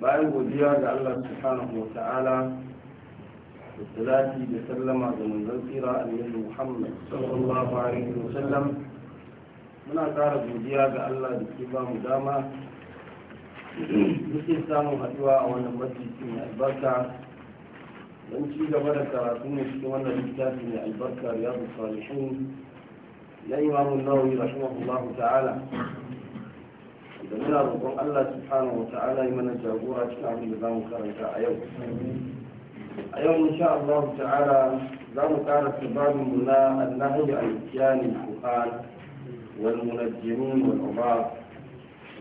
bayan godiya ga Allah subhanahu wa ta'ala da salati da sallama ga manzon tsira annabi Muhammad sallallahu alaihi wa sallam muna tsara godiya ga Allah da ke ba mu dama muke samun haɗuwa a wannan majalisi mai albarka don ci gaba da karatu ne cikin wannan littafi mai albarka riyadu salihin na imamu nawawi rahimahullahu ta'ala da muna roƙon Allah subhanahu wa ta'ala yi mana jagora cikin abin da za mu karanta a yau a yau insha Allah ta'ala za mu ƙara sababin mu na annahi al-kiyani al-qur'an wal munajjimin wal ubad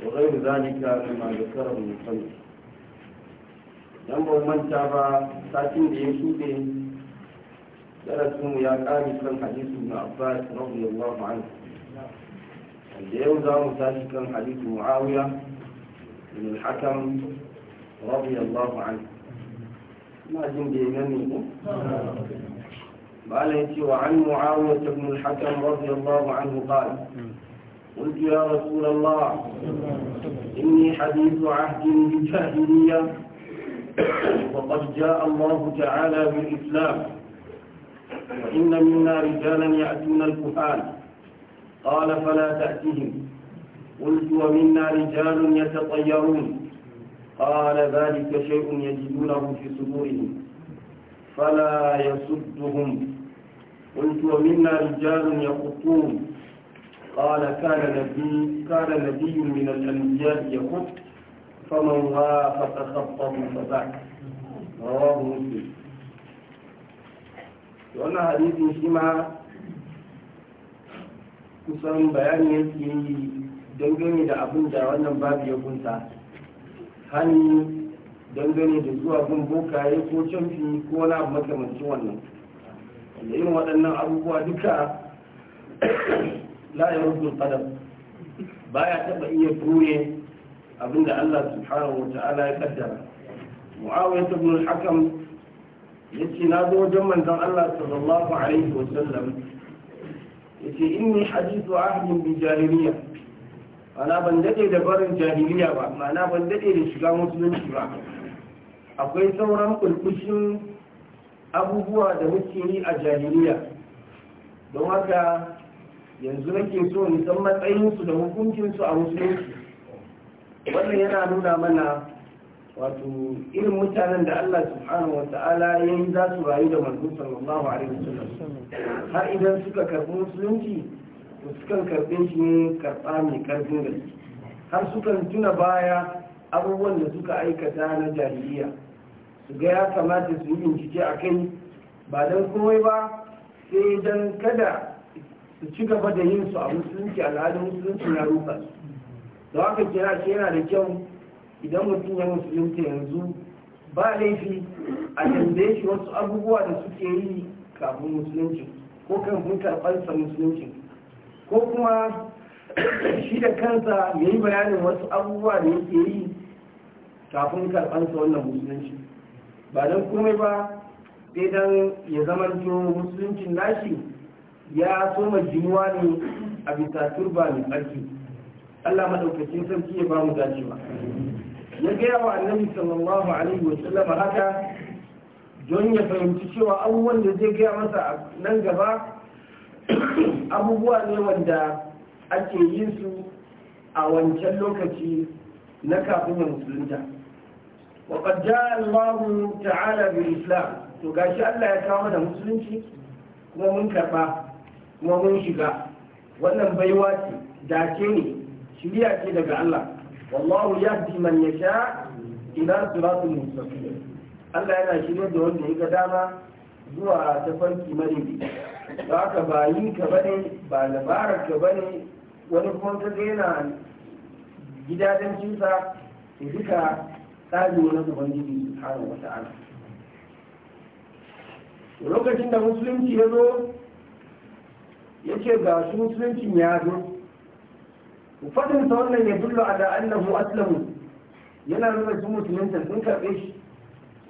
wa ghayr dhalika mimma dhakara al-musannif dan ba manta ba satin da ya shuɗe darasin mu ya ƙare kan hadisu na Abbas radiyallahu anhu اليوم دار ذلك حديث معاوية بن الحكم رضي الله عنه ما جنب إمامه قال وعن معاوية بن الحكم رضي الله عنه قال قلت يا رسول الله إني حديث عهد بالجاهلية وقد جاء الله تعالى بالإسلام وإن منا رجالا يأتون الكهان قال فلا تأتهم قلت ومنا رجال يتطيرون قال ذلك شيء يجدونه في صدورهم فلا يصدهم قلت ومنا رجال يخطون قال كان نبي كان نبي من الأنبياء يخط فمن وافق خطه فبعد رواه مسلم وأنا حديث شمعه kusan bayani yake yi dangane da abin da wannan babu ya kunta hani dangane da zuwa gun bokaye ko canfi ko wani abu makamanci wannan da yin waɗannan abubuwa duka la'ayar rukun kadam ya taɓa iya ture abin da allah subhanahu wa ta'ala ya kaddara ta tabbin hakan ya ce na zo wajen manzan allah sallallahu alaihi sallam. yace inni hadithu ahdin bi jahiliya ana ban dade da barin jahiliya ba ma'ana ban dade da shiga musulunci ba akwai sauran kulkushin abubuwa da muke yi a jahiliya don haka yanzu nake so ni san matsayinsu da hukuncinsu a musulunci wannan yana nuna mana wato irin mutanen da Allah subhanahu wa ta'ala ya yi za su rayu da manzo sallallahu alaihi wasallam har idan suka karbi musulunci to suka karbe shi ne karba mai karfin gaske har sukan tuna baya abubuwan da suka aikata na jahiliya su ga ya kamata su yi bincike a kai ba don komai ba sai dan kada su ci gaba da yin su a musulunci al'adun musulunci na rufa su da haka kira shi yana da kyau idan mutum ya musulunta yanzu ba laifi a canza shi wasu abubuwa da suke yi kafin musulunci ko kan kafin karɓarsa musulunci ko kuma shi da kansa ya yi bayanin wasu abubuwa da yake yi kafin karɓarsa wannan musulunci ba don komai ba sai don ya zamanto musuluncin nashi ya soma jimuwa ne a bisa turba mai tsarki allah maɗaukacin sarki ya ba mu dacewa ya gaya wa annabi sallallahu alaihi wa sallam haka don ya fahimci cewa abubuwan da zai gaya masa nan gaba abubuwa ne wanda ake yin su a wancan lokaci na kafin musulunta وقد جاء الله تعالى بالإسلام تقاشي ألا يكرم kuma mun shiga wannan baiwa ce dace بيواتي داكيني ce daga Allah. wallahu yahdi man yasha ila siratul mustaqim Allah yana shirye da wanda ya ga dama zuwa tafarki maribi ba ka ba yi ka bane ba labarar ka bane wani kuma ka ga yana gidajen cinsa ya duka wani na ubangiji subhanahu wata ta'ala lokacin da musulunci ya zo ya ce ga shi musuluncin ya zo fadin sa wannan ya dullo a da annahu aslamu yana nuna su musulunta sun karɓe shi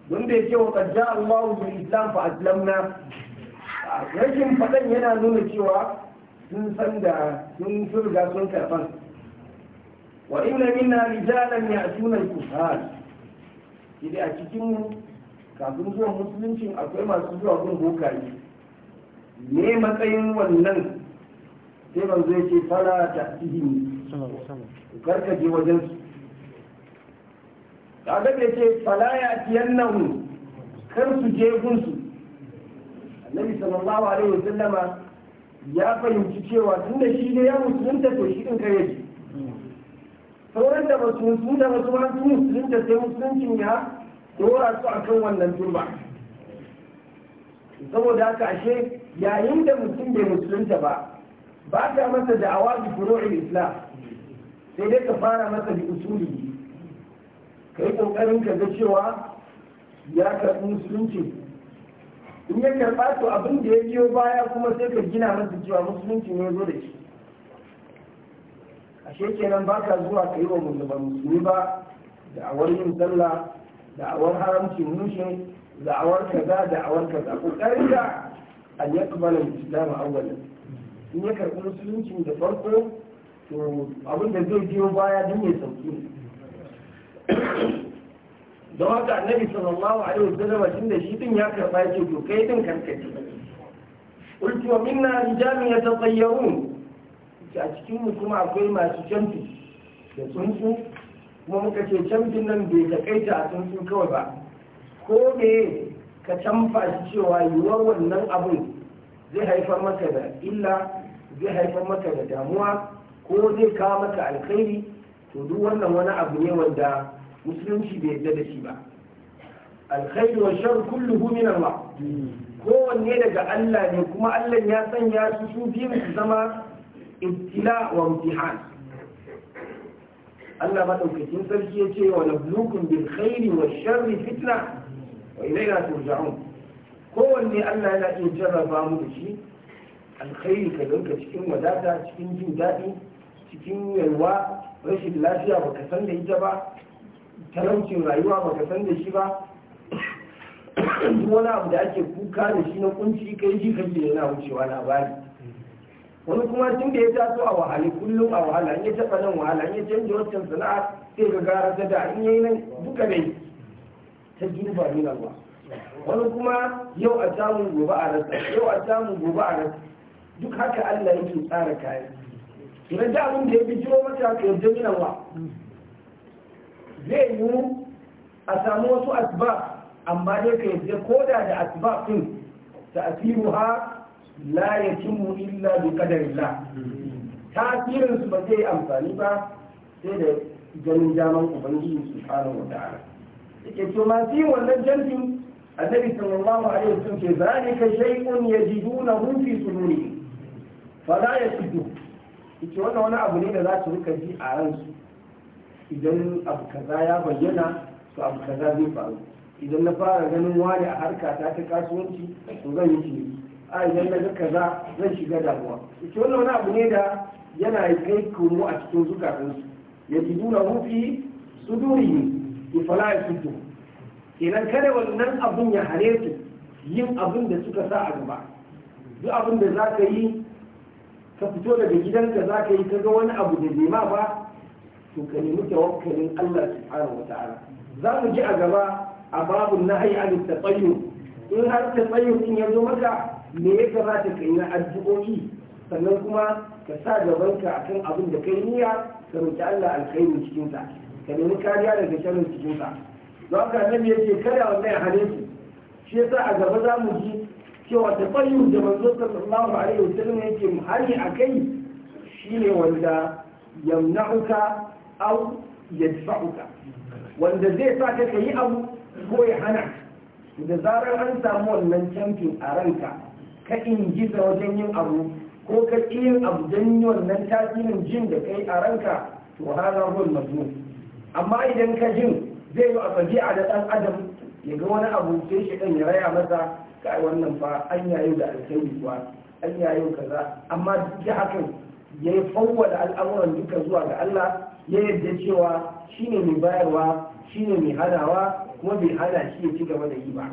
don ya yake wa qadda Allahu bil islam fa aslamna rashin fadan yana nuna cewa sun san da sun surga sun karɓan wa inna minna rijalan ya'tuna al-kufar idan a cikin mu kafin zuwa musulunci akwai masu zuwa gun bokaye ne matsayin wannan sai ban zai ce fara ta ihimi karka je wajen su da aka ce falaya tiyannahu kan su je gunsu annabi sallallahu alaihi wasallama ya fahimci cewa tunda shi ne ya musulunta to shi din kai yake sauran da ba su musulunta ba su ma su musulunta sai musuluncin ya dora su akan wannan turba saboda haka ashe yayin da mutum bai musulunta ba ba ta masa da'awa bi furu'il islam sai dai ka fara masa da usuli ka yi ƙoƙarin ka ga cewa ya karɓi musulunci in ya karɓa to abin da ya biyo baya kuma sai ka gina masa cewa musulunci ne zo da shi a kenan ba ka zuwa ka yi wa musulmi ba awar yin sallah da awar haramci mushe awar kaza awar kaza kokarin da an yakbala islamu awwalan in ya karɓi musulunci da farko to abin da zai biyo baya duk mai sauki don haka annabi sallallahu alaihi wasallam tun da shi din ya karba yake to kai din karkace ulti wa minna rijalun yatatayyarun a cikin mu kuma akwai masu canfi da tsuntsu kuma muka ce canfin nan bai takaita a tsuntsu kawai ba ko me ka canfa shi cewa yiwuwar wannan abin zai haifar maka da illa zai haifar maka da damuwa ko zai kawo maka alkhairi to duk wannan wani abu ne wanda musulunci bai yadda da shi ba alkhairi wa shar kulluhu min Allah kowanne daga Allah ne kuma Allah ya sanya su su biyu su zama ibtila wa imtihan Allah madaukakin sarki ya ce wa nablukum bil khairi wa sharri fitna wa ilayna turja'un kowanne Allah yana iya jarraba mu da shi alkhairi ka ganka cikin wadata cikin jin daɗi cikin yalwa rashin lafiya baka san da ita ba talaucin rayuwa baka san da shi ba duk wani abu da ake kuka da shi na kunci kai ji kake yana wucewa na bari wani kuma tun da ya taso a wahali kullum a wahala in ya taɓa nan wahala in ya canza wancan sana'a sai ga gara ta da in yi nan duka dai ta girba min ba wani kuma yau a samun gobe a rasa yau a samun gobe a rasa duk haka Allah yake tsara kayan na da abin da ya jiro mata ka yarda min Allah zai yi a samu wasu asbab amma dai ka yarda ko da da asbab din ha la yatimmu illa bi qadarillah tasirin su ba zai amfani ba sai da ganin daman ubangiji subhanahu wa ta'ala yake to masu fi wannan jantin annabi sallallahu alaihi wasallam ke zalika shay'un yajidunahu fi sunuri fala yasidu ita wannan wani abu ne da za su rika ji a ransu idan abu kaza ya bayyana to abu kaza zai faru idan na fara ganin wani a harka ta ta kasuwanci to zan yi shiri a idan na ga kaza zan shiga damuwa ita wannan wani abu ne da yana kai komo a cikin zukatansu ya ji duna rufi su duri ne fala ya fito kenan kada wannan abun ya hare su yin abin da suka sa a gaba duk abin da za ka yi ka fito daga gidanka za ka yi ka ga wani abu da bai ma ba to ka nemi tawakkalin Allah subhanahu wataala za mu ji a gaba a babu nahyi an taqayyum in har taqayyum din ya zo maka me ya kamata ka yi na addu'o'i sannan kuma ka sa gabanka akan abin da kai niyya ka roki Allah alkhairi cikin sa ka nemi kariya daga sharrin cikin sa don haka annabi yace kada wannan ya shi yasa a gaba za mu ji cewa da bayu da manzo sallallahu alaihi wasallam yake muhari akai shine wanda yamna'uka aw yadfa'uka wanda zai sa ka kai abu ko ya hana da zarar an samu wannan camfin a ranka ka da wajen yin abu ko ka yin abu don yi wannan tasirin jin da kai a ranka to hana hul mazmu amma idan ka jin zai yi a faji'a da ɗan adam ya ga wani abu sai shi ɗan ya raya masa kai wannan fa an yayo da alkhairi kuwa an yayo kaza amma duk da hakan ya yi fawwada al'amuran duka zuwa ga Allah ya yadda cewa shine mai bayarwa shine mai hadawa kuma bai hana shi ya ci gaba da yi ba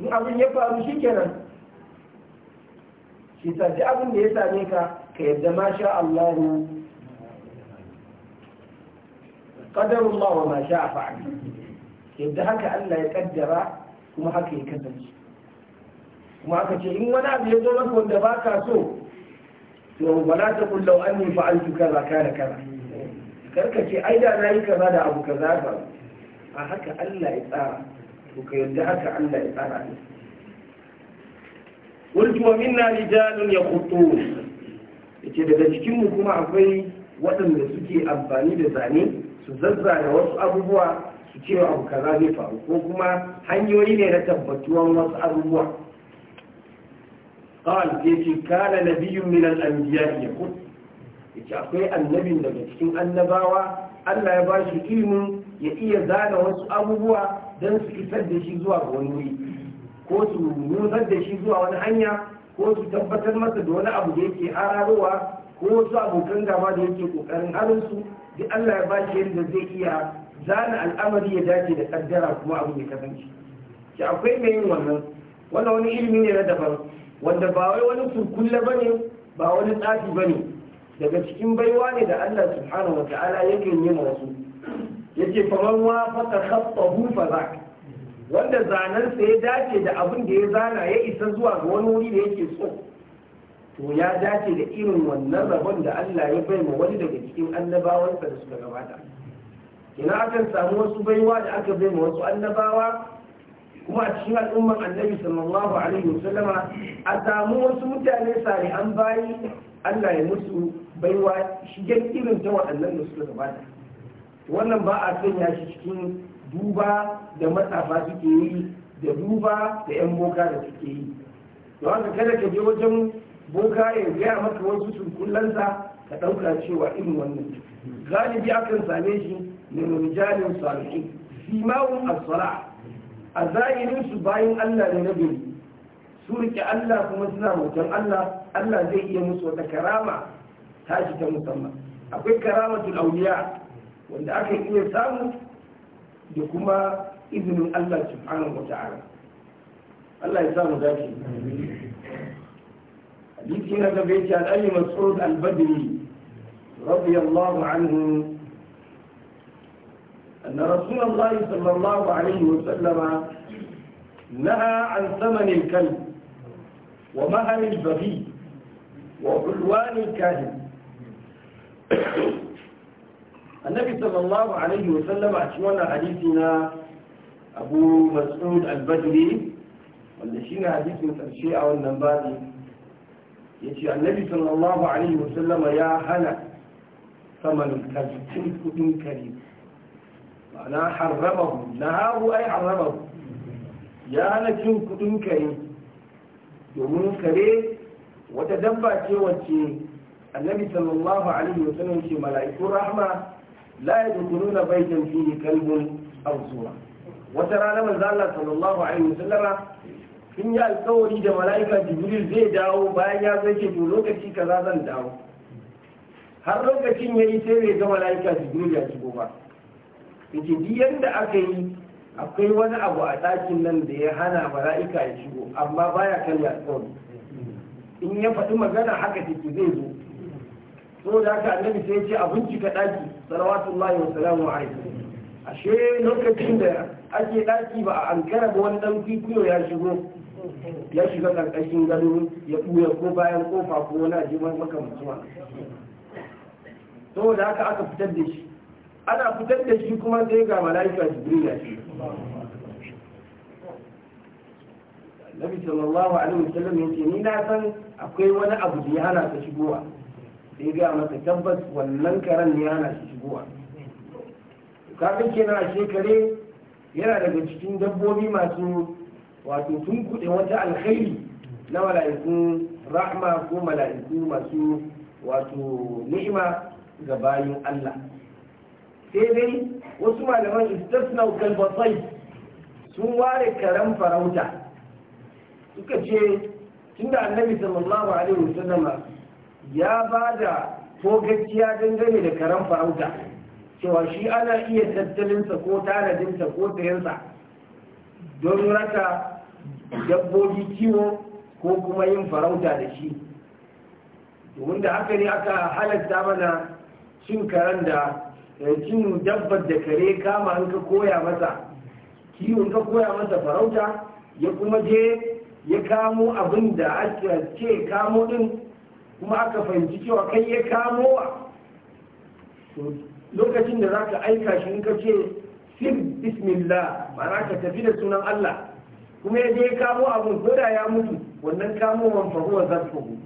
in abin ya faru shikenan shi ta ji abin da ya same ka ka yarda ma sha Allahu qadarullah wa ma sha fa'al yadda haka Allah ya kaddara kuma haka ya kasance kuma aka ce in wani abu ya zo maka wanda ba ka so to wala ta kullum an yi ka kaza kana kara karka ce ai da yi kaza da abu kaza ba a haka Allah ya tsara to ka yarda haka Allah ya tsara ne qultu wa minna rijalun ya yace daga cikin mu kuma akwai waɗanda suke amfani da zane su zazzana wasu abubuwa su cewa abu kaza zai faru ko kuma hanyoyi ne na tabbatuwan wasu abubuwa قال يجي كان نبي من الأنبياء يقول yace akwai annabin daga cikin annabawa Allah ya bashi ilimin ya iya zana wasu abubuwa don su isar da shi zuwa ga wani wuri ko su nusar da shi zuwa wani hanya ko su tabbatar masa da wani abu da yake hararowa ko wasu abokan gaba da yake kokarin halinsu duk Allah ya bashi yadda zai iya zana al'amari ya dace da kaddara kuma abu ya kasance ki akwai mai yin wannan wannan wani ilimi ne na daban wanda ba wai wani ba ne ba wani tsafi bane daga cikin baiwa ne da Allah subhanahu wa ta'ala yakan yi ma wasu yace faman wa faqa khattahu fa wanda zanen sa ya dace da abin da ya zana ya isa zuwa ga wani wuri da yake so to ya dace da irin wannan rabon da Allah ya bai ma wani daga cikin annabawansa da suka gabata ina akan samu wasu baiwa da aka bai ma wasu annabawa kuma a cikin al'umman annabi sallallahu alaihi wasallama a samu wasu mutane sare an bayi Allah ya musu baiwa shigen irin ta waɗannan da suka gabata wannan ba a sanya shi cikin duba da matsafa suke yi da duba da 'yan boka da suke yi don haka kada ka je wajen boka ya gaya maka wasu surkullansa ka ɗauka cewa irin wannan galibi akan same shi ne mu mijalin salihin simawun as-sala a zahirin su bayan Allah ne na biyu, su rike Allah kuma suna hoton Allah Allah zai iya musu wata karama shi ta musamman akwai tun auliya wanda aka iya samu da kuma izinin Allah subhanahu wa ta'ala Allah ya samu zafi. hadisi na gaba yake Mas'ud al-Badri radiyallahu anhu أن رسول الله صلى الله عليه وسلم نهى عن ثمن الكلب ومهر البغي وعلوان الكاهن النبي صلى الله عليه وسلم أشوانا حديثنا أبو مسعود البدري والنشينا حديث مثل الشيعة أو النباتي يتي النبي صلى الله عليه وسلم يا هلا ثمن الكلب كل كريم ana harramahu na ai harramahu ya hana cin kudin kare domin kare wata dabba ce wacce annabi sallallahu alaihi wa sallam ce mala'iku rahma la yadkhuluna baytan fihi kalbun aw sura wata rana manzo Allah sallallahu alaihi wa sallam sun yi alkawari da mala'ika jibril zai dawo bayan ya zai to lokaci kaza zan dawo har lokacin yayi sai bai ga mala'ika jibril ya shigo ba yake duk yadda aka yi akwai wani abu a ɗakin nan da ya hana mala'ika ya shigo amma baya kan ya in ya faɗi magana haka take zai zo so da haka annabi sai ce a bincika ɗaki salawatullahi wa salamu alaihi ashe lokacin da ake ɗaki ba a ankara ba wani ɗan kwikwiyo ya shigo ya shiga ƙarƙashin gado ya ɓuya ko bayan ƙofa ko wani ajiyar makamcin saboda haka aka fitar da shi ana fitar da shi kuma sai ga mala'ika jibril ya shi Nabi sallallahu alaihi wasallam ya ce ni na san akwai wani abu da ya hana ta shigowa sai ga masa tabbas wannan karen ne ya hana shi shigowa kaga kenan a shekare yana daga cikin dabbobi masu wato tun kuɗe wata alkhairi na mala'iku rahma ko mala'iku masu wato ni'ima ga bayin Allah sai dai wasu malaman istisnau kalbatsai sun ware karen farauta suka ce tunda annabi sallallahu alaihi wasallama ya ba da togaciya dangane da karen farauta cewa shi ana iya tattalin sa ko tanadinsa ko sayansa don raka dabbobi kiwo ko kuma yin farauta da shi domin da haka ne aka halatta mana cin karen da mu dabbar da kare kama in ka koya masa kiwon ka koya masa farauta ya kuma je ya kamo abin da aka ce kamo din kuma aka fahimci cewa kai ya kamo wa lokacin da za ka aika shi in ka ce sir bismillah ma'ana ka tafi da sunan Allah kuma ya je ya kamo abin ko da ya mutu wannan kamo kamowan fahuwa zarfahu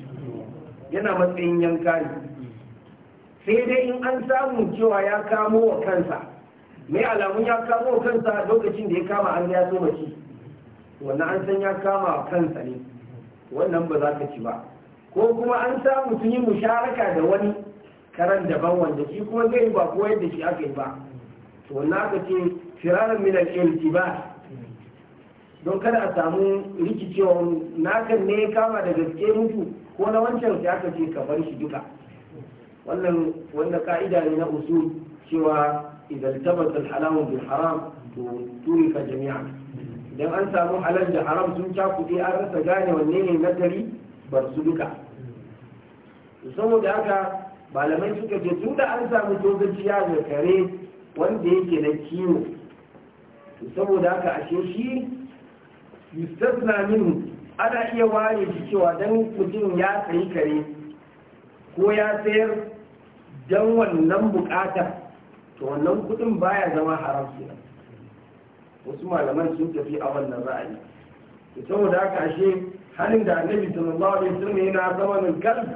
yana matsayin yankari sai dai in an samu cewa ya kamo wa kansa mai alamun ya kamo wa kansa lokacin da ya kama an ya so mace wannan an san ya kama wa kansa ne wannan ba za ka ci ba ko kuma an samu sun yi musharaka da wani karan daban wanda shi kuma zai ba ko yadda shi aka yi ba to wannan aka ce firaran min al ba don kada a samu rikicewa nakan ne ya kama da gaske mutu ko na wancan sai aka ce ka bar shi duka wannan wanda ka'ida ne na usul cewa idan tabbata halalu bil haram to ka jami'a idan an samu halal da haram sun cakuɗe an rasa gane wanne ne gari bar su duka saboda haka malamai suka ce tun da an samu tozaciya da kare wanda yake na kiwo saboda haka ashe shi yustasna minhu ana iya ware shi cewa dan mutum ya sayi kare ko ya sayar don wannan bukatar to wannan kudin baya zama haram kenan wasu malaman sun tafi a wannan ra'ayi to saboda haka ashe halin da annabi sallallahu alaihi wasallam yana zamanin kalb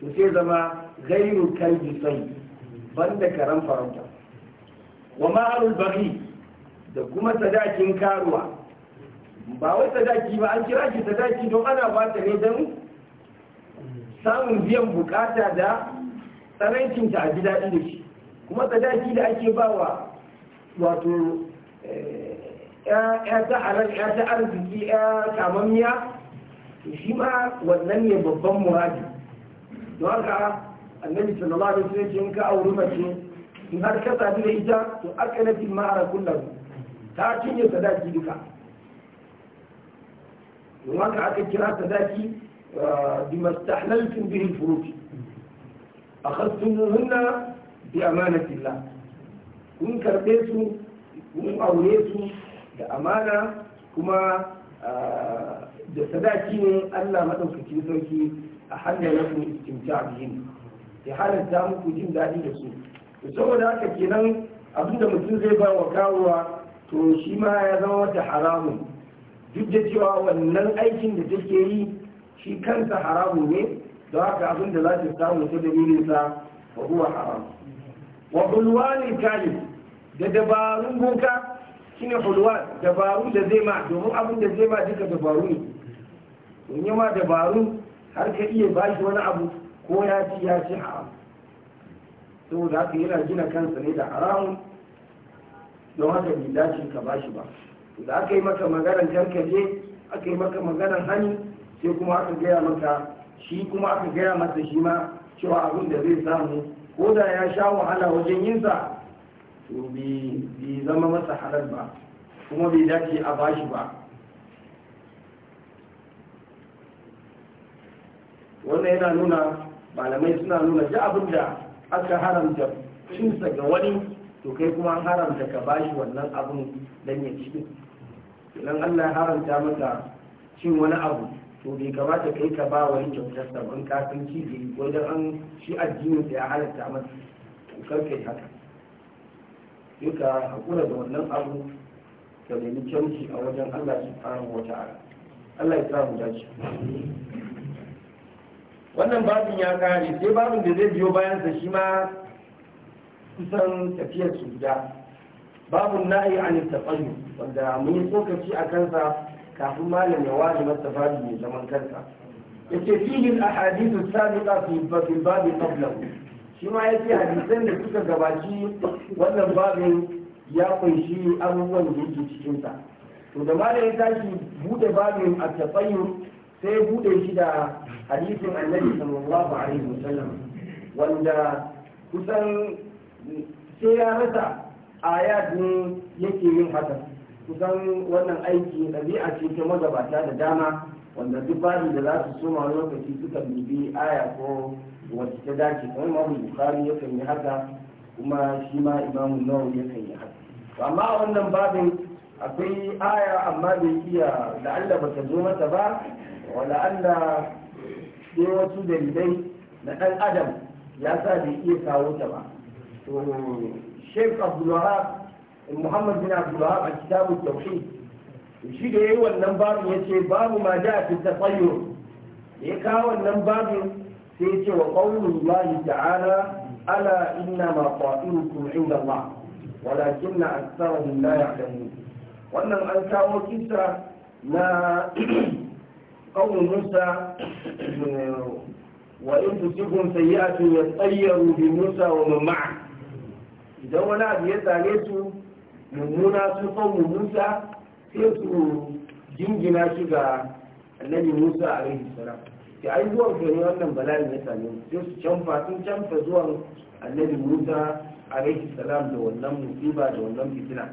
to sai zama gairu kalbi sai banda karan farauta wa ma'arul baghi da kuma sadakin karuwa ba wai sadaki ba an kira shi sadaki don ana ba ta ne don samun biyan bukata da tsaraicinta a ji daɗi da shi kuma tsadaki da ake ba wa wato eh, ya ta ta arziki ya kamammiya shi ma wannan ne babban muradi don haka annabi sallallahu alaihi wasallam in ka auri mace in har ka sadu da ita to aka fi ma'ara kullum ta cinye sadaki duka don haka aka kira sadaki eh, bimastahlaltum bihi furuji A akhadtumuhunna bi fila kun karbe su kun aure su da amana kuma da sadaki ne Allah maɗaukacin sarki a hannun lakum istimta bihim ya halatta muku jin daɗi da su saboda haka kenan abinda mutum zai ba wa kawowa to shi ma ya zama wata haramun duk da cewa wannan aikin da take yi shi kansa haramun ne da haka abin da za ki samu ta dalilin sa wa huwa haram wa hulwani kali da dabarun boka shine hulwan dabarun da zai ma domin abin da zai ma duka dabaru ne in yi ma dabaru har ka iya ba shi wani abu ko ya ci ya ci haram saboda haka yana gina kansa ne da haramun don haka bai dace ka ba shi ba da aka yi maka maganar jarkaje aka yi maka maganar hannu sai kuma aka gaya maka shi kuma aka gaya masa shi ma cewa abin da zai samu ko da ya sha wahala wajen yinsa to bai zama masa halal ba kuma bai dace a bashi ba wannan yana nuna malamai suna nuna ji abin da aka haramta cinsa ga wani to kai kuma an haramta ka bashi wannan abin don ya ci nan allah haramta maka cin wani abu to bai kamata kai ka ba wani kyautar sabon kafin kibi ko da an shi addinin da ya halatta masa to karkai haka sai ka hakura da wannan abu ka nemi canji a wajen Allah fara wata ta'ala Allah ya samu dace wannan babin ya kare sai babin da zai biyo bayan sa shi ma kusan tafiyar su guda babun na'i an tafayyu wanda mun yi tsokaci a kansa kafin malam ya wani masa babi mai zaman kanta ya ce fihin a hadisu sabiqa fi babi babi qablahu shi ma ya ce hadisan da suka gabaci wannan babin ya kunshi abubuwan da yake cikinsa to da malam ya tashi bude babin a tafayyun sai bude shi da hadisin annabi sallallahu alaihi wasallam wanda kusan sai ya rasa ayatun yake yin hakan kusan wannan aiki ɗabi'a ce ta magabata da dama wanda duk babi da za su soma lokaci suka dubi aya ko wacce ta dace kamar imamu bukari yakan yi haka kuma shi ma imamu ya yakan yi haka amma a wannan babin akwai aya amma bai iya la'alla ba ta zo mata ba wa la'alla sai wasu dalilai na ɗan adam ya sa bai iya kawo ta ba to sheikh abdulwahab محمد بن عبد abdullah a كتاب التوحيد shi da yayi wannan babin yace babu ma da fi tafayyur ya kawo wannan babin sai yace wa qawlullahi ta'ala ala inna ma qa'ilukum inda allah walakin aktharuhum la ya'lamun wannan an kawo kisa na قول موسى وإن تصبهم سيئة يطيروا بموسى ومن معه idan wani abu ya same su mummuna sun san musa sai su jingina shi ga annabi musa a rai salam ke ai zuwan gari wannan bala'in ya same su sai su canfa sun canfa zuwan annabi musa a rai salam da wannan musiba da wannan fitina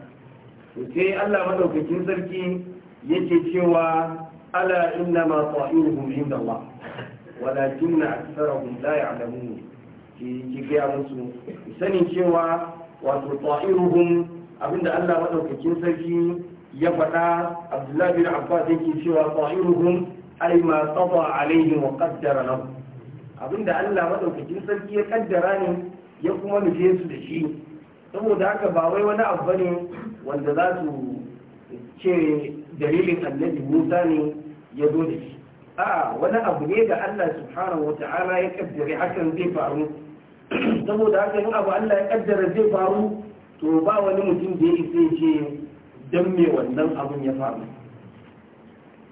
to sai allah madaukakin sarki yake cewa ala inna ma ta'iruhum inda allah walakin aktharuhum la ya'lamun ki ki ga musu sanin cewa wato ta'iruhum abinda Allah madaukakin sarki ya faɗa Abdullahi bin Abbas yake cewa qa'iruhum ay ma qada alayhi wa qaddara lahu abinda Allah madaukakin sarki ya kaddara ne ya kuma nufe su da shi saboda haka ba wai wani abu bane wanda za su ce dalilin annabi Musa ne ya zo da shi a wani abu ne da Allah subhanahu wa ta'ala ya kaddare hakan zai faru saboda haka in abu Allah ya kaddara zai faru to ba wani mutum da ya isa ce don me wannan abun ya faru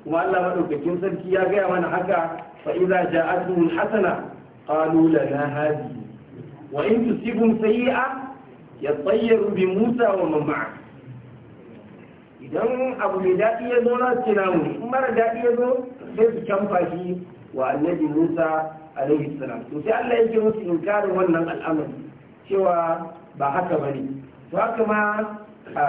kuma Allah maɗaukakin sarki ya gaya mana haka fa iza ja'atu hasana qalu lana hadi wa in tusibum sayi'a yatayyaru bi Musa wa man ma'a idan abu mai daɗi ya zo na ce namu in mara daɗi ya zo sai su wa annabi Musa alaihi salam to sai Allah yake musu inkarin wannan al'amari cewa ba haka bane kuma a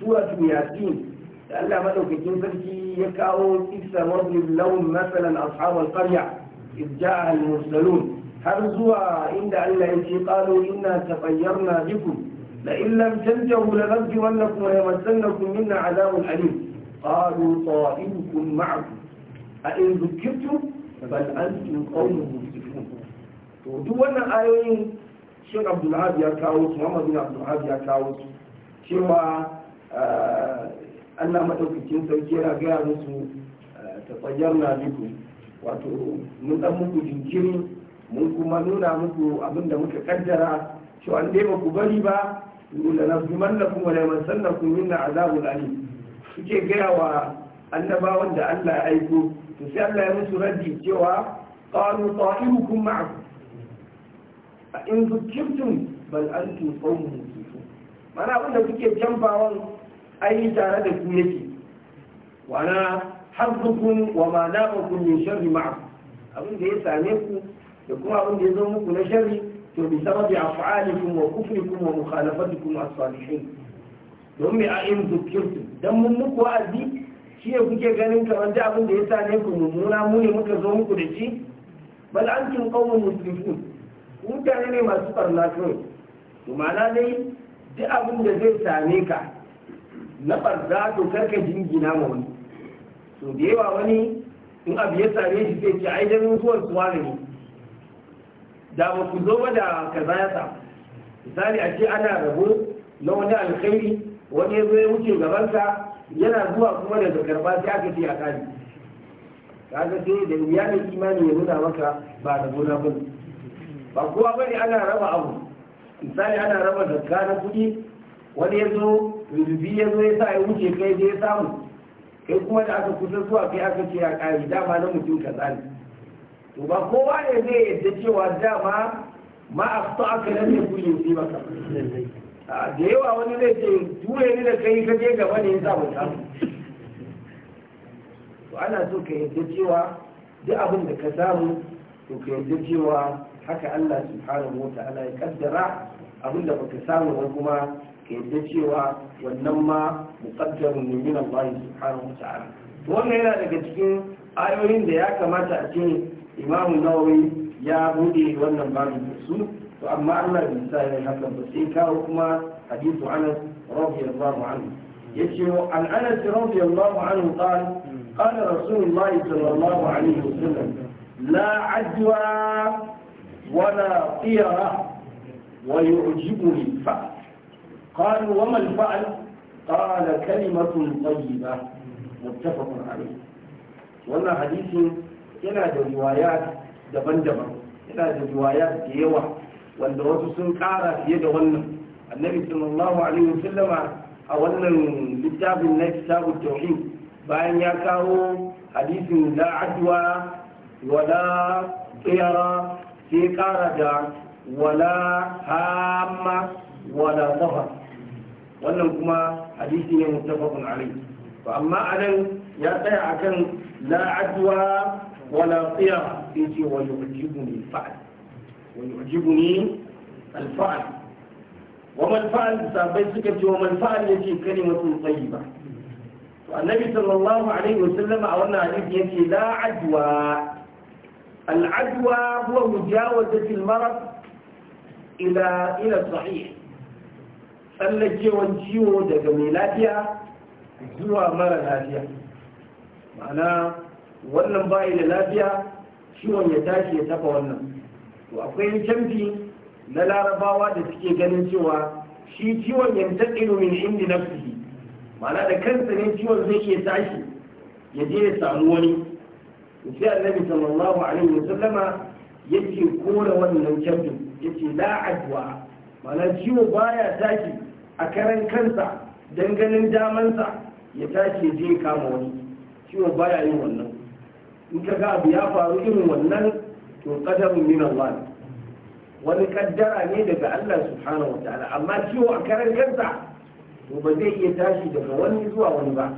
suratu yasin da Allah madaukakin sarki ya kawo isa wajen launin matsalan ashabar karya ija al har zuwa inda Allah ya ce kalo ina tafayyar na biku da illan canja hula rabbi wannan kuma ya matsan na kun nuna azabun alim kalo tsawa'in a in zukirtu bal an tun kawo musulun to duk wannan ayoyin shek abdullahi ya kawo su muhammadu da abdullahi ya kawo su cewa eh, allah maɗaukakin sarki yana gaya musu eh, ta tsayar na biku wato mun ɗan muku jinkiri mun kuma nuna muku abin da muka kaddara cewa an dai ku bari ba da na zuman da kuma da yaman sannan kun yi na azabul alim suke gaya wa annabawan da allah ya aiko to sai allah ya musu raddi cewa ƙalu ta'irukum a in zukirtum bal'antun ƙaunin musu mana abin da kuke jambawan ai tare da ku yake Wana harzukun wa ma na'akum min sharri ma'a abin da ya same ku da kuma abin da ya zo muku na sharri to bi sama bi a fa'alikun wa kufrikun wa mukhalafatikun a salihin don me a in zukirtum Don mun muku wa'azi shi ne kuke ganin kamar da abin da ya same ku mummuna mu ne muka zo muku da shi bal'antun ƙaunin qaumun mutane ne masu barna kawai to ma'ana dai duk abin da zai same ka na barna to karka jingina ma wani to da yawa wani in abu ya same shi sai ce aidan zuwan suwa ne da ba ku zo ba da kaza ya samu misali a ce ana rabo na wani alkhairi wani ya zo ya wuce gabansa yana zuwa kuma daga karba sai aka ce a kari kaga sai da wuya ne imani ya nuna maka ba da gona bane ba kowa bane ana raba abu misali ana raba zakka na kuɗi wani ya zo rububi ya zo ya sa ya wuce kai je ya samu kai kuma da aka kusa zuwa kai aka ce ya ƙari dama na mutum ka tsari. to ba kowa ne zai yadda cewa dama ma a fito aka nan ne kuɗi sai maka da yawa wani zai ce ture ni da kai ka je gaba ne ya sa samu to ana so ka yadda cewa duk abin da ka samu to ka yadda cewa haka Allah subhanahu wa ta'ala ya kaddara abinda baka samu ba kuma ka yadda cewa wannan ma muqaddarun ne min Allah subhanahu wa ta'ala wannan yana daga cikin ayoyin da ya kamata a ce Imam Nawawi ya bude wannan babin su to amma Allah bai sa ya haka ba sai kawo kuma hadithu Anas radiyallahu anhu yace an Anas radiyallahu anhu qala قال رسول الله صلى الله عليه وسلم لا عدوى ولا طيرة ويعجبني الفعل قالوا وما الفعل قال كلمة طيبة متفق عليه والله حديث إلى روايات دبندبا إلى روايات ديوة والدروس سنقارة يد النبي صلى الله عليه وسلم أولا كتاب النبي كتاب التوحيد بأن يكاو حديث لا عدوى ولا طيرة sai ƙara da wala hama wala safar wannan kuma hadisi ne mutafakun alai to amma a nan ya tsaya akan la adwa wala tsiyara sai ce wa yu'jibuni fa'al wa yu'jibuni al-fa'al wa man fa'al sabai suka ce wa man fa'al yace kalimatun tayyiba to annabi sallallahu alaihi wasallam a wannan hadisi yace la adwa العدوى هو مجاوزة المرض إلى إلى الصحيح tsallakewan ciwo daga mai lafiya zuwa mara lafiya ma'ana wannan bayi da lafiya ciwon ya tashi ya tafa wannan to akwai canfi na larabawa da suke ganin cewa shi ciwon ya taɗinu min indi nafsihi ma'ana da kansa ne ciwon zai iya tashi ya je ya samu wani sai annabi sallallahu alaihi wa sallama yake kora wannan kyautu yake la adwa mana ciwo baya tashi a karan kansa danganin damansa ya taki je kama wani ciwo baya yin wannan in ka ga abu ya faru irin wannan to qadarun min Allah wani kaddara ne daga Allah subhanahu wa ta'ala amma ciwo a karan kansa to ba zai iya tashi daga wani zuwa wani ba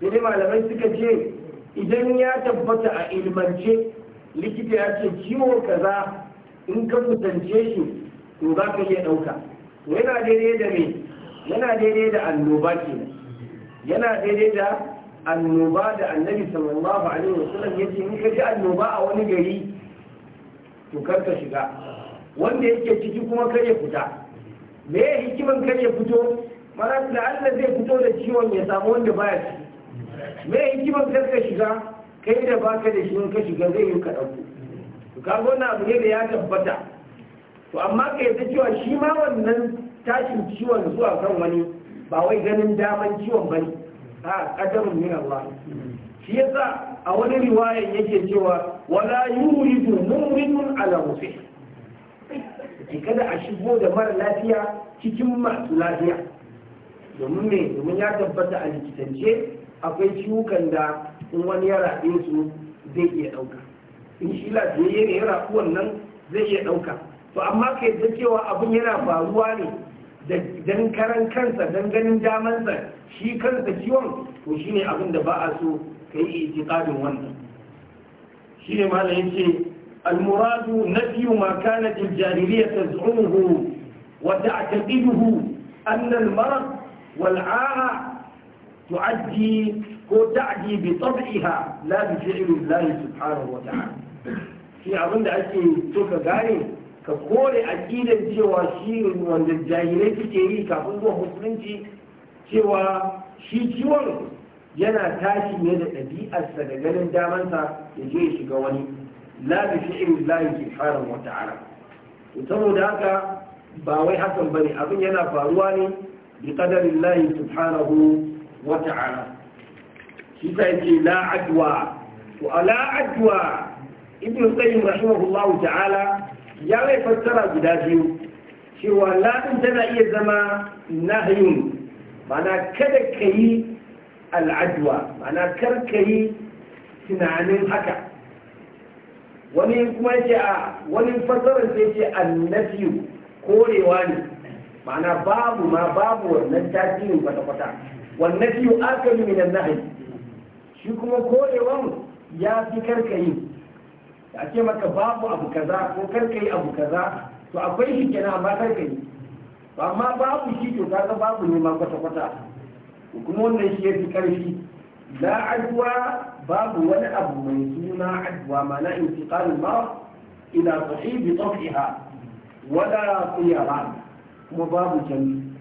sai dai malamai suka ce idan ya tabbata a ilmance likita ya ce ciwo kaza in ka fusance shi to za ka iya ɗauka yana daidai da me yana daidai da annoba ke yana daidai da annoba da annabi sallallahu alaihi wasallam ya ce in ka ji annoba a wani gari to kar ka shiga wanda yake ciki kuma kar ya fita me hikiman kar ya fito mara da Allah zai fito da ciwon ya samu wanda baya ciki me yi kiban ka shiga kai da baka da shi ka shiga zai yi ka ɗauko to wannan abu ne da ya tabbata to amma ka yadda cewa shi ma wannan tashin ciwon zuwa kan wani ba wai ganin daman ciwon bane a kadarun min Allah shi yasa a wani riwayan yake cewa wala yuridu mumridun ala kada a shigo da mara lafiya cikin masu lafiya domin me domin ya tabbata a likitance akwai ciwukan da in wani ya raɗe su zai iya ɗauka in shi lafiyayye ne ya raɗu wannan zai iya ɗauka to amma kai yadda cewa abin yana faruwa ne dan karan kansa dan ganin damansa shi kansa ciwon to shine abin da ba a so ka yi itiqadin wannan shi shine malam yace المراد نفي ما كانت الجاهلية تزعمه وتعتقده أن المرض والعاهة تؤدي ko ta'adi bi tabiha la bi fi'li Allah subhanahu wa ta'ala shi abin da ake so gane ka kore aqidar cewa shi wanda jahilai suke yi kafin zuwa musulunci cewa shi ciwon yana tashi ne da ɗabi'arsa da ganin damansa ya je ya shiga wani la bi fi'li Allah subhanahu wa ta'ala saboda haka ba wai hakan bane abin yana faruwa ne bi qadarillahi subhanahu wa ta'ala shi ta yake la adwa to adwa ibn qayyim rahimahullahu ta'ala ya mai fassara guda biyu cewa la din tana iya zama nahyun mana kada ka yi al'adwa mana kar ka tunanin haka wani kuma yake a wani fasarar sai ce annafiyu korewa ne mana babu ma babu wannan tasirin kwata-kwata wannan fiye yi minan nahi shi kuma korewan ya fi karka yi a ce maka babu abu kaza ko karka yi abu kaza to akwai shi kenan amma karka yi amma babu shi to kaga babu nema kwata-kwata kuma wannan shi ya fi karfi la adwa babu wani abu mai suna adwa mana intiqal ma ila sahibi tafiha wala qiyara kuma babu canji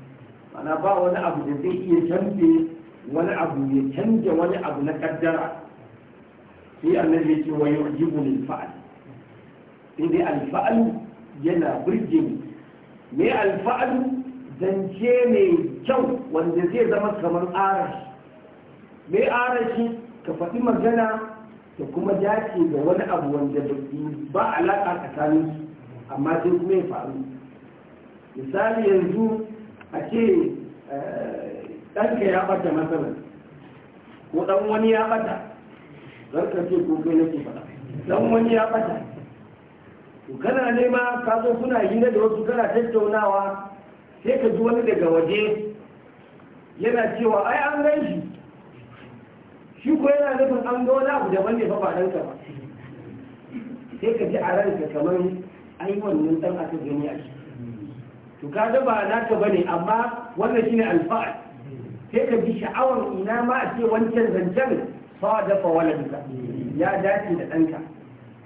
Ana ba wani abu da zai iya canfe wani abu ya canja wani abu na kaddara sai annabi ya ce wa yu'jibu lil fa'al sai dai al yana burge ni me al zance mai kyau wanda zai zama kamar arashi mai arashi ka faɗi magana da kuma dace da wani abu wanda ba alaƙa tsakanin amma sai kuma ya faru misali yanzu a ce eh, ɗanka ya ɓata masarar ko ɗan wani ya ɓata zan ka ce ko kai nake faɗa ɗan wani ya ɓata kana nema ka zo kuna na da wasu kana tattaunawa sai ka ji wani daga waje yana cewa ai an gan shi shi ko yana nufin an ga wani abu daban ne fa ba ɗanka ba sai ka ji a ranka kamar yi wannan ɗan aka gani a shi to da ba naka bane amma wannan shine alfa'a sai ka bi sha'awar ina ma a ce wancan zancen fa dafa walanka ya dace da ɗanka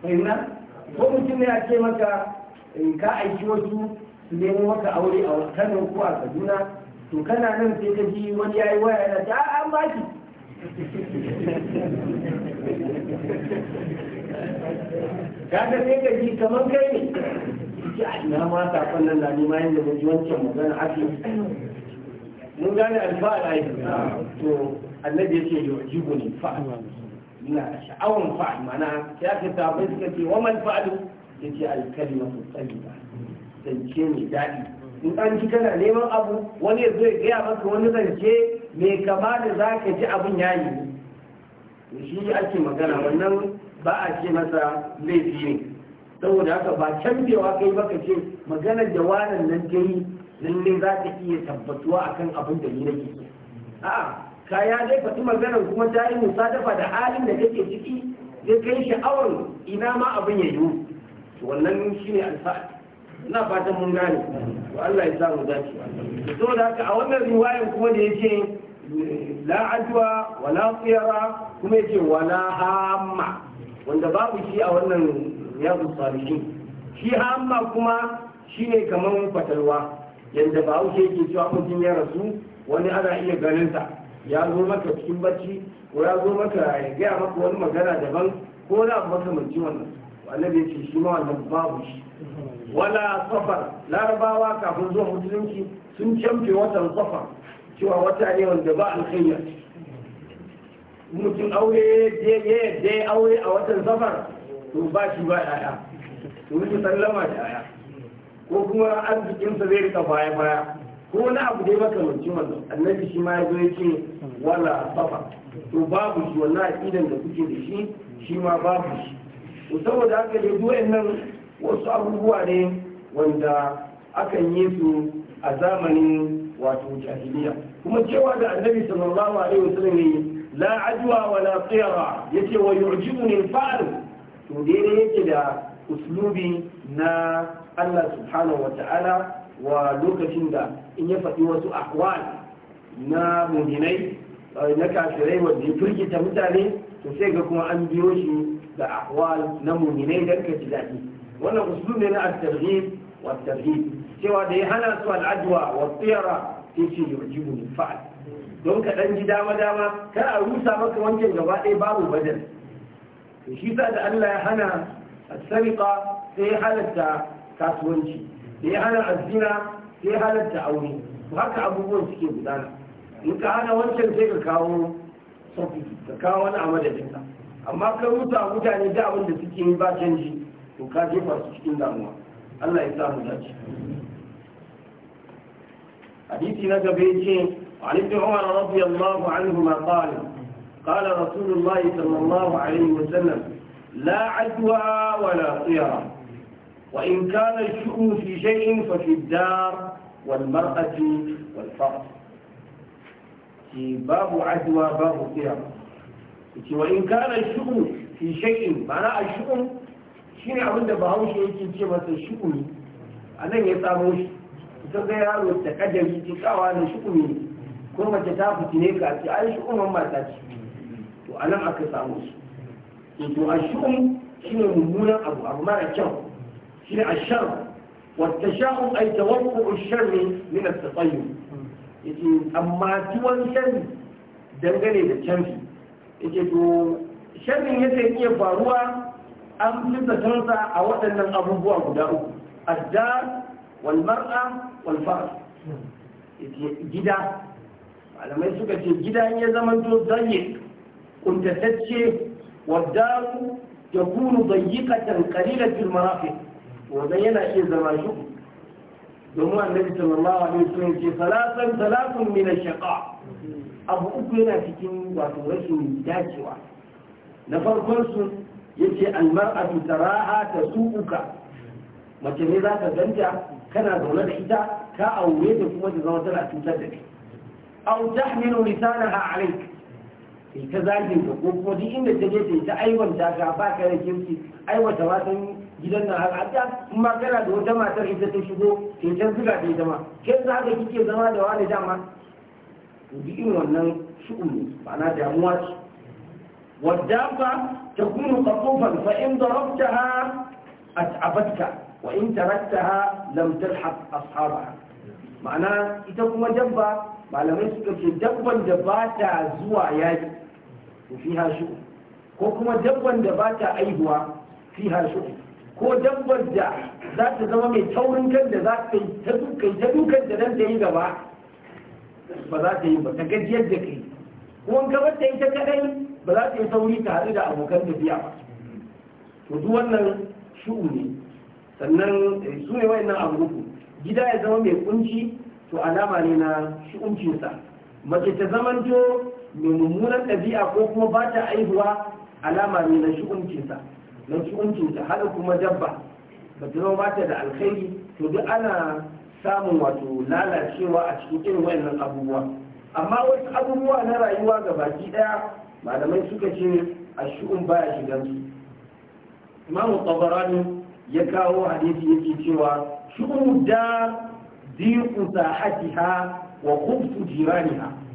fahimta ko mutum ya ce maka eh, ka aiki wasu su nemo maka aure a Kano ko a Kaduna to kana nan sai ka ji wani yayi waya na ta ah, an baki kaga sai ka ji kamar kai ne A na ma sakon nan na nima yadda mun ji wancan magana ake mun gane alfa'a yi to annabi yake yujibu ne fa'a na sha'awan fa'a mana ya ce sabai suka ce wa man fa'alu yace al-kalimatu tayyiba zance mai daɗi in an ji kana neman abu wani ya zo ya gaya maka wani zance mai kama da za ka ji abin yayi shi ake magana wannan ba a ce masa laifi ne saboda haka ba canjewa kai ba ka ce maganar da wannan nan ta lalle za ta iya tabbatuwa akan abin da ni nake a a'a kaya dai faɗi maganar kuma ta yi dafa da halin da kake ciki zai kai sha'awar ina ma abin ya yiwu wannan shine alfa'ad ina fatan mun gane to Allah ya samu dace saboda haka a wannan riwayan kuma da yake la adwa wala tsira kuma ce wala hamma wanda babu shi a wannan riyadu salihin shi amma kuma shine kamar fatalwa yadda ba wuce yake cewa mutum ya rasu wani ana iya ganinsa ya zo maka cikin bacci ko ya zo maka ya gaya maka wani magana daban ko na maka makamanci wannan annabi ce shi ma wannan babu shi wala safar larabawa kafin zuwa musulunci sun camfe watan safar cewa wata ne wanda ba alkhayya mutum aure ya aure a watan safar to ba shi ba yaya to yi sallama da yaya ko kuma arzikinsa zai rika baya baya ko wani abu dai makamancin wannan annabi shi ma ya zo ya ce wala safa to babu shi wannan aqidan da kuke da shi shi ma babu shi to saboda haka dai duk nan wasu abubuwa ne wanda akan yi su a zamanin wato jahiliya kuma cewa da annabi sallallahu alaihi wasallam ne la ajwa wala qira yace wa yu'jibuni al-fa'l to daidai yake da uslubi na Allah subhanahu wa ta'ala wa lokacin da in ya faɗi wasu ahwal na muminai eh, na kafirai wanda ya firgita mutane to sai ga kuma an biyo shi da ahwal na muminai don ka ji daɗi wannan uslubi na at-targhib wa tarhib cewa da ya hana su al'adwa wa tsira sai ce yurjibu fa'al don ka dan ji dama dama kar a rusa maka wancan gaba ɗaya babu badal shi sa da Allah ya hana asariqa sai ya halatta kasuwanci da ya hana azina sai ya halatta aure haka abubuwan suke gudana in ka hana wancan sai ka kawo sauki ka kawo wani a madadinka amma kan mutu a mutane da abin da suke yi ba canji to ka jefa su cikin damuwa Allah ya samu dace hadisi na gaba yace عن ابن عمر رضي الله عنهما قال قال رسول الله صلى الله عليه وسلم لا عدوى ولا طيرة وإن كان الشؤم في شيء ففي الدار والمرأة والفقر في باب عدوى باب طيرة وإن كان الشؤم في شيء معنى الشؤم شيني عمد بهوش يجي في بس الشؤم أنا يطاموش تقول يا رب تقدم يتكاوى الشؤم كل ما تتاكو تنيكا تقول الشؤم ما تتاكو to a nan aka samu su to a shi'un shi ne mummunan abu abu mara kyau shi ne a shan wata sha'un ai tawakku shan ne min at-tatayyun yace amma tuwon shan dangane da canfi yace to sharrin yakan iya faruwa an fi zatonsa a waɗannan abubuwa guda uku adda wal mar'a wal gida malamai suka ce gida ya zama to zayyik كنت تتشي والدار تكون ضيقة قليلة في المرافق وبينا شيء زمان شوف ثم النبي صلى الله عليه وسلم في ثلاثا ثلاث من الشقاء أبو أكونا في كم وتغش من داتي واحد نفر قرص يجي المرأة تراها تسوقك ما تريد أن تدنجع كان دولة إيتا كأويت في وجه زمان تلع أو تحمل لسانها عليك sai ta zagin ka ko kuma duk inda ta je sai ta aiwanta ka ba ka da kimci aiwata wasan gidan nan har hadda in ma kana da wata matar ita ta shigo sai ta zuga ta ita ma ke za haka kike zama da wani dama duk in wannan shu'uni ba na damuwa ce والدابة تكون قطوفا فإن ضربتها wa in تركتها لم تلحق أصحابها ma'ana ita kuma dabba malamai suka ce dabban da ba ta zuwa yaki. fiha shu ko kuma dabban da ba ta aihuwa fiha shu ko dabbar da za ta zama mai taurin kan da za ta yi ta dukan ta dukan da dan ta yi gaba ba za ta yi ba ta gajiyar da kai kuma ka bar ta ita ta kadai ba za ta yi sauri ta haɗu da abokan da biya ba to duk wannan shu'u ne sannan eh, su ne wayannan abu uku gida ya zama mai kunci to alama ne na shi'uncinsa mace ta zamanto mai mummunan ɗabi'a ko kuma ba ta aihuwa alama ne na shi'uncinta na shi'uncinta kuma dabba ba ta zama da alkhairi to duk ana samun wato lalacewa a cikin irin wayannan abubuwa amma wasu abubuwa na rayuwa ga baki ɗaya malamai suka ce a shi'un baya shigansu imamu tsabarani ya kawo hadisi yake cewa shi'un da diku sahatiha wa kubtu jiraniha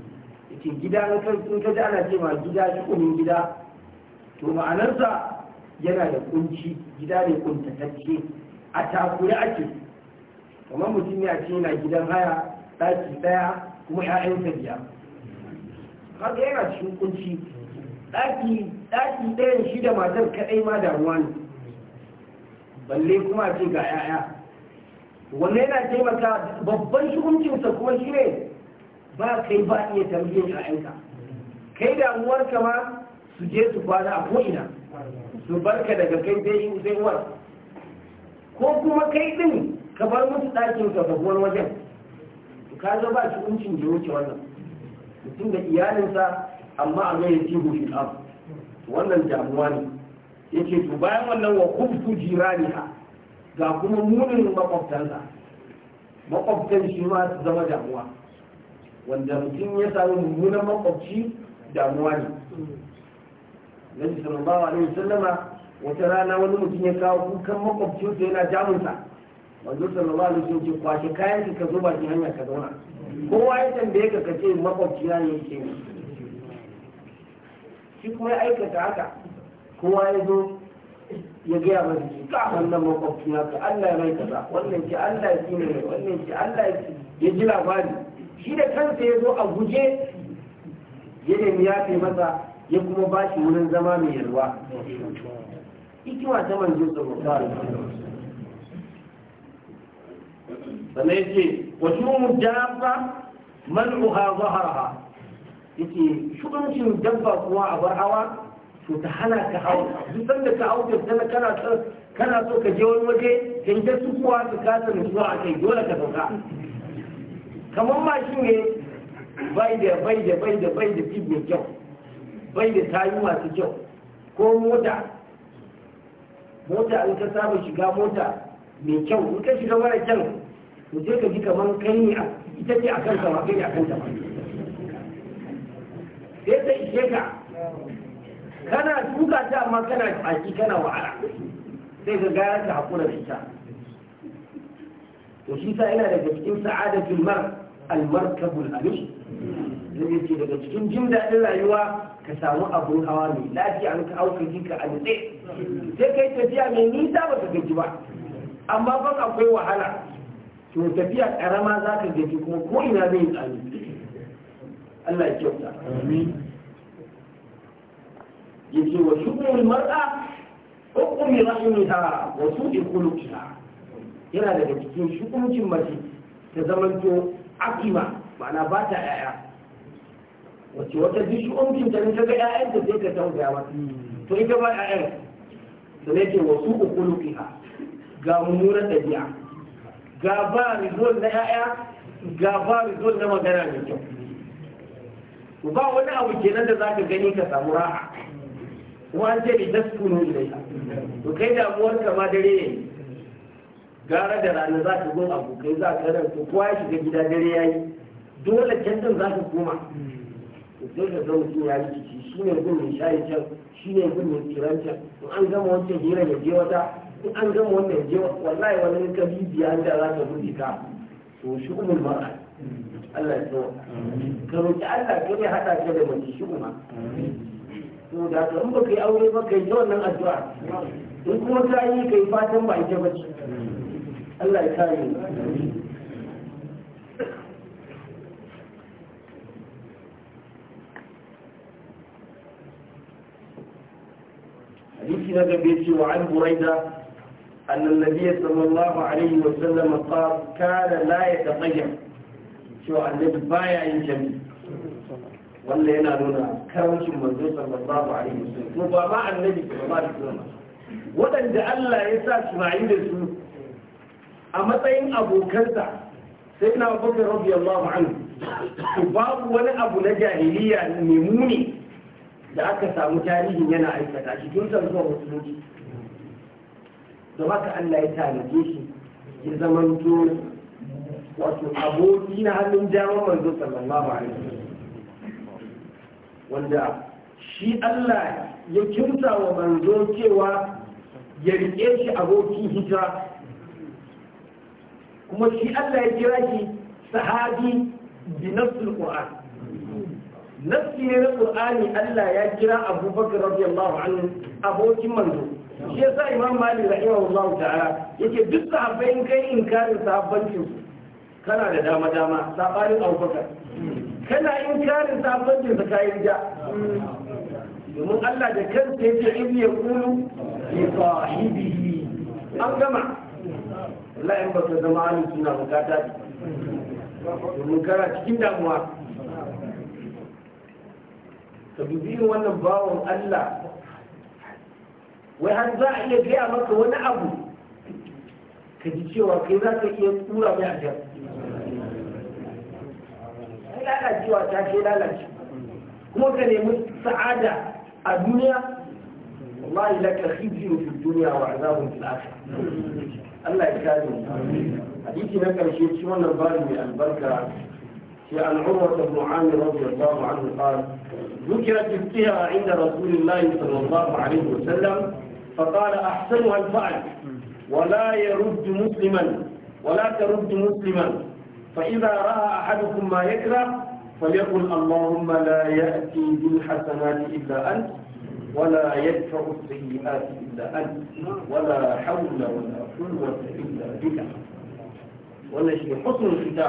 ce gida in ka ana ce ma gida kunin gida to ma'anarsa yana da kunci gida ne kuntatacce a takure ake kamar mutum ya ce yana gidan haya ɗaki ɗaya kuma ‘ya'yansa biya haka yana cikin kunci ɗaki ɗaki shi da matar kaɗai ma damuwa ne balle kuma ce ga ‘ya'ya wannan yana taimaka babban shuguncinsa kuma shi ne ba kai ba iya tambayin 'ya'yanka. kai damuwarka ma su je su kwana a ko'ina su barka daga kai zai yi zai war ko kuma kai din ka bar musu ɗakin ka babuwar wajen ka zo ba shi kuncin da wuce wannan mutum da iyalinsa amma a zai yi fil ab wannan damuwa ne yake to bayan wannan wa kubtu ha, ga kuma munin makwabtansa makwabtan shi ma su zama damuwa wanda mutum ya samu mummunan makwabci damuwa ne nabi sallallahu alaihi wasallama wata rana wani mutum ya kawo kukan makwabcinsa yana jamunsa wanzu sallallahu alaihi wasallam ce kwashe kayan ki ka zo ba ki hanya ka zauna kowa ya tambaye ka ka ce makwabci na ne ke shi kuma ya aikata haka kowa ya zo ya gaya masa ki ka wannan makwabci na ka Allah ya mai kaza wannan ki Allah ya ne wannan ki Allah ya ji labari shi da kansa ya zo a guje ya nemi ya fi masa ya kuma ba shi wurin zama mai yalwa ikiwa ta manzo sallallahu alaihi wasallam ya yace wa tumu dabba mal'uha zaharaha ce shugabancin dabba kuwa a bar hawa to ta hana ka hau duk sanda ka hau ta kana so ka je wani waje kan ta su ka kasa nutsuwa a kai dole ka sauka kamar mashin ne bai da bai da bai da bai da fib mai kyau bai da tayi masu kyau ko mota mota in ka saba shiga mota mai kyau in ka shiga mara kyau to je ka ji kamar kai ne a ita ce a kanka ma kai ne a kanka ma sai ta ishe ka kana tuka ta amma kana tsaki kana wahala sai ka gaya ta hakura da ita to shi sa yana daga cikin sa'adatul mar almarkabul amin zai yake daga cikin jin daɗin rayuwa ka samu abun hawa mai lafiya an ka auka ji ka alɗe sai kai tafiya mai nisa ba ka gaji ba amma ban akwai wahala to tafiya ƙarama za ka gaji kuma ko ina zai tsani Allah ya kyauta ce wa shukrul mar'a ko hukumi rahimiha wa su'i khuluqiha yana daga cikin shukuncin mace ta zamanto akima ma'ana ba ta ƴaƴa wacce wata jishu umkin ta ta ga ƴaƴan ta sai ta tausaya ba. Hmm. to ita ba ƴaƴan da ne ke wasu ukulukiha ga mummunan ɗabi'a ga ba rizon na ƴaƴa ga ba rizon na magana mai kyau ba wani abu kenan da za ka gani ka samu raha kuma an ce da taskunu ilaiha to kai damuwar ka ma dare ne gara da rana za ka gun abokai za ka ranta kowa ya shiga gida dare ya yi dole can za ka koma sai ka ga mutum ya rikici shi ne gun mai shayi can shi ne gun mai tsiran can in an gama wancan hira ya je wata in an gama wannan ya je wallahi wani ka bibiya da za ka buɗe ka to shi umul mar'a Allah ya tsawo ka roki Allah ka ne hada ka da mace shi umar to da ka in baka yi aure ba ka yi ta wannan addu'a in kuma ka yi ka yi fatan ba ita ba ce Allah ya kare حديث نبي وعن بريدة أن النبي صلى الله عليه وسلم قال كان لا شو Allah ya sa su rayu da su a matsayin abokansa sai na abokan rabbi Allah, anhu babu wani abu na jahiliya mai muni da aka samu tarihin yana aikata shi tun san zuwa lokaci da haka Allah ya tanaje shi ya zamanto wato aboki na hannun jaman manzo sallallahu alaihi wanda shi Allah ya kimsa wa manzo cewa ya rike shi abokin hijira kuma shi Allah ya kira shi sahabi bi nafsul qur'an nafsi ne na qur'ani Allah ya kira Abu Bakar radiyallahu anhu abokin manzo shi yasa Imam Malik rahimahullahu ta'ala yake duk sahabbai in kai inkarin sahabbancin su kana da dama dama sabanin Abu Bakar kana kare sahabbanci sa kayan rija domin Allah da kansa yake ibn yaqulu li sahibihi an gama la'in ba baka zama ahlus suna bukata da domin kana cikin damuwa ka dubi wannan bawon Allah wai har za a iya gaya maka wani abu ka ji cewa kai za ka iya tura mai a jan sai lalacewa ta ke lalace kuma ka nemi sa'ada a duniya wallahi laka khizyun fi duniya wa azabun fil akhirah Allah ya kare mu hadisi na karshe shi wannan bari mai albarka في عن عمر بن عامر رضي الله عنه قال ذكرت السهرة عند رسول الله صلى الله عليه وسلم فقال أحسنها الفعل ولا يرد مسلما ولا ترد مسلما فإذا رأى أحدكم ما يكره فليقل اللهم لا يأتي بالحسنات إلا أنت ولا يدفع السيئات إلا أنت ولا حول ولا قوة إلا بك wannan shi husnul fita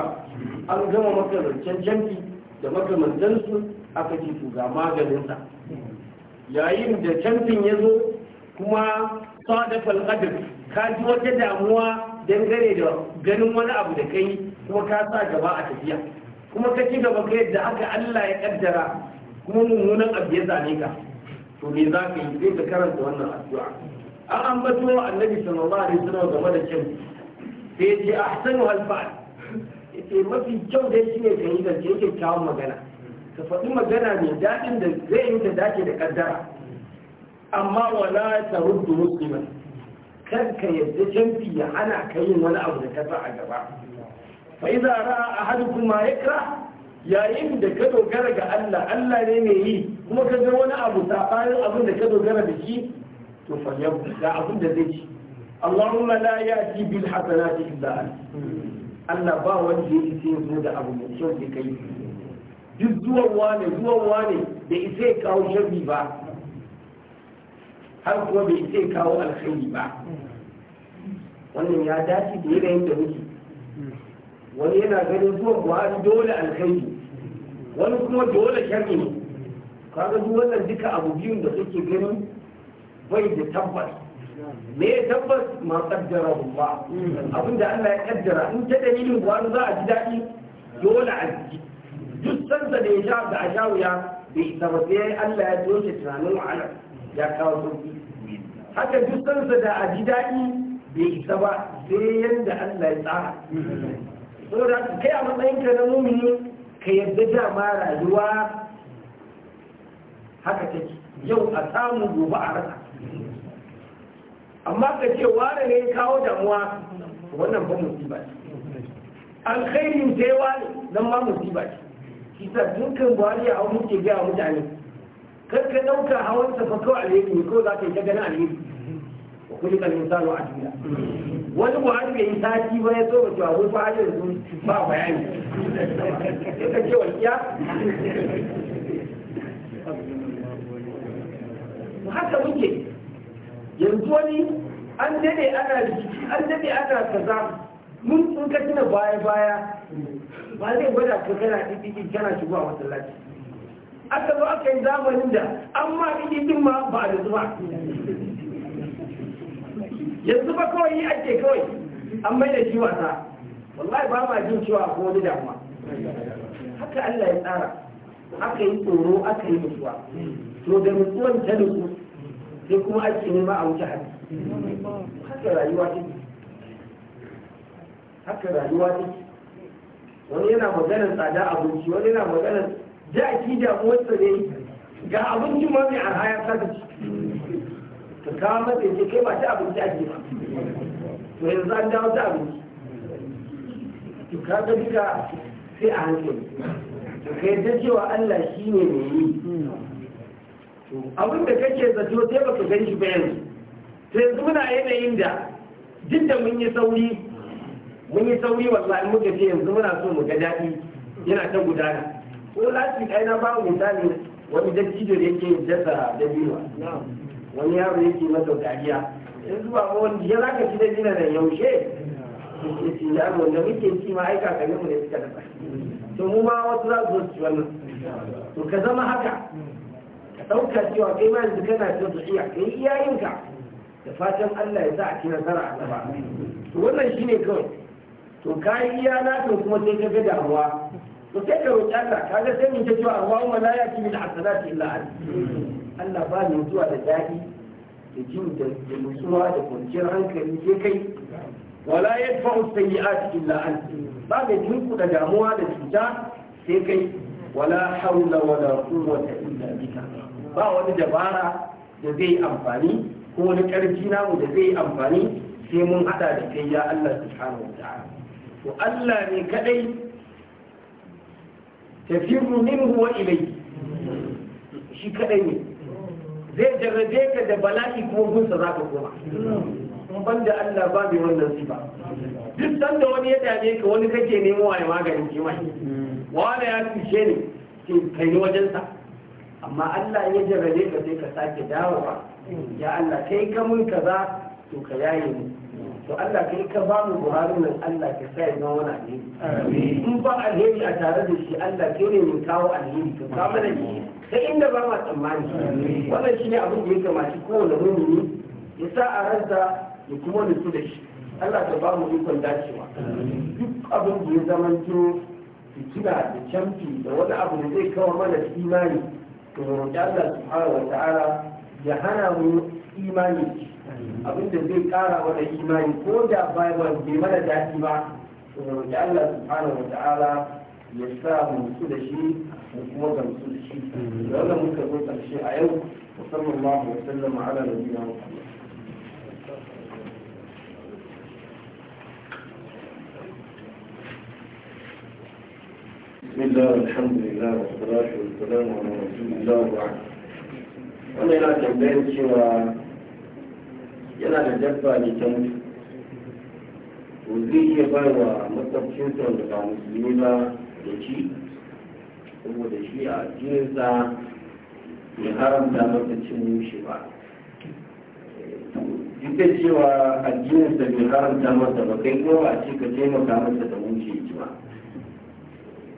an gama maka rancen janki da makamantansu aka ce to ga maganinsa yayin da canfin ya zo kuma sadafal qadr ka ji wata damuwa dangane da ganin wani abu da kai kuma ka sa gaba a tafiya kuma ka ci gaba ka yadda aka Allah ya kaddara kuma mummunan abu ya zane ka to me za ka yi zai ka karanta wannan addu'a an ambato annabi sallallahu alaihi wasallam game da kyau sai ya ce ahsanu alfa'al yace mafi kyau da shine ne ka yi zance kyawun magana ka faɗi magana mai daɗin da zai yi ta dace da kaddara amma wala ta ruddu musliman kar ka yadda canfi ya hana ka yin wani abu da ka sa a gaba fa iza ra'a ahadukum ma yakra yayin da ka dogara ga Allah Allah ne mai yi kuma ka ga wani abu sabanin abin da ka dogara da shi to fa yau da abin da zai ci Allahumma la ya'ti bil hasanati illa anta Allah ba wanda ya ce zo da abu mai kyau da kai duk zuwan wane zuwan wane da isa ya kawo sharri ba har kuma bai isa ya kawo alkhairi ba wannan ya dace da yanayin da muke wani yana ganin zuwan buhari dole alkhairi wani kuma dole sharri ne kaga duk wannan duka abu biyun da suke gani bai da tabbas me ya tabbas ma kaddara Abin da Allah ya kaddara in ta dalilin wani za a ji daɗi dole a ji duk sanda da ya sha da a sha wuya bai isa ba sai Allah ya toshe tunanin wahala ya kawo sauki haka duk sanda da a ji daɗi bai isa ba sai yanda Allah ya tsara saboda kai a matsayinka na mumini ka yarda dama rayuwa haka take yau a samu gobe a rasa amma ka ce wane ne kawo damuwa wannan ba musiba ce alkhairin yi wane nan ma musiba ce kisa dukkan buhari a wani ke gaya mutane kar ka hawan safa kawai alheri ne kawai za ka yi ta ganin alheri wa kuli kalin a duniya wani buhari bai yi sati ba ya so ba cewa wai buhari yanzu ba bayani ya ta ce wani walƙiya haka muke yanzu wani an dade ana rikici an dade ana kaza mun in ka tuna baya baya ba zai gwada ka kana ɗiɗiɗi kana shigo a masallaci aka zo aka yi zamanin da an ma ɗiɗiɗin ma ba da zuba yanzu ba kawai yi ake kawai an mai da shi wasa wallahi ba ma jin cewa ko wani damuwa haka Allah ya tsara aka yi tsoro aka yi mutuwa to da mutuwan ta nutsu sai kuma ake nema a wuce hannu haka rayuwa take haka rayuwa ta wani yana maganar tsada abinci wani yana maganar da aki damuwarsa ne ga abincin ma mai arha ya saka ci ka matsa ce kai ba ta abinci a ba to yanzu an dawo ta abinci to ka ga duka sai a hankali to ka yadda cewa Allah shi ne mai yi abin da kake zato sai baka gani shi ba yanzu to yanzu muna yanayin da duk da mun yi sauri mun yi sauri wallahi muka ce yanzu muna so mu ga daɗi yana ta gudana ko lati kai na ba misali wani dattijo da yake jasa da biyu wani yaro yake masa dariya in zuwa wani ya zaka ci da dina da yaushe ya ci da wanda muke ci ma aika kanin mu ne suka dafa to mu ma wasu za su ci wannan to ka zama haka ka ɗauka cewa kai ma yanzu kana su iya kai ka da fatan Allah ya sa a ci nasara a gaba to wannan shine kawai to ka yi iya na to kuma sai ka ga damuwa to sai ka roƙi Allah ka ga sai mun ce cewa Allahumma la ya'ti bil hasanati illa anta Allah ba ne zuwa da daɗi da jin da nutsuwa da kwanciyar hankali sai kai wala yadfa'u sayyi'ati illa anta ba mai tunku da damuwa da cuta sai kai wala haula wala quwwata illa bika ba wani dabara da zai amfani ko wani karfi namu da zai amfani sai mun hada da kai ya Allah subhanahu wataala to Allah ne kadai tafirru minhu wa ilayhi shi kadai ne zai jarrabe ka da bala'i kuma gunsa za ka koma in ban da Allah ba mai wannan sifa duk da wani ya dame ka wani kake nemo wa ya maganin kimai Wani ya tushe ne ke kai ni wajensa amma Allah ya jarrabe ka sai ka sake dawowa ya Allah kai ka mun kaza to ka yaye mu to Allah kai ka ba mu buhari nan Allah ka sa ya zama wani alheri in ba alheri a tare da shi Allah kai ne mun kawo alheri ka kawo mana shi ta inda ba ma tsammani wannan shi ne abin da ya kamaci kowane mumini ya sa a ransa ya kuma nutsu da shi Allah ta ba mu ikon dacewa duk abin da ya to fitina da camfi da wani abu da zai kawo mana imani to roƙi Allah subhanahu wa ta'ala ya hana mu imani abin da zai kara mana imani ko da bai bai mana daɗi ba to roƙi Allah subhanahu wa ta'ala ya sa mu nutsu da shi وكما gamsu da shi da wannan muka zo ƙarshe a yau musamman wa sallam ala nabiyina muhammad بسم الله الحمد لله والصلاة والسلام على رسول الله وبعد wannan yana tambayar cewa yana da dabba ne ta mutu to zai iya bai wa makwabcinsa da ba musulmi ba da ci saboda shi a jinsa ya haramta masa cin shi ba duk cewa cewa addininsa bai haramta masa ba kai kuma ba a ce ka taimaka masa da wuce ji ba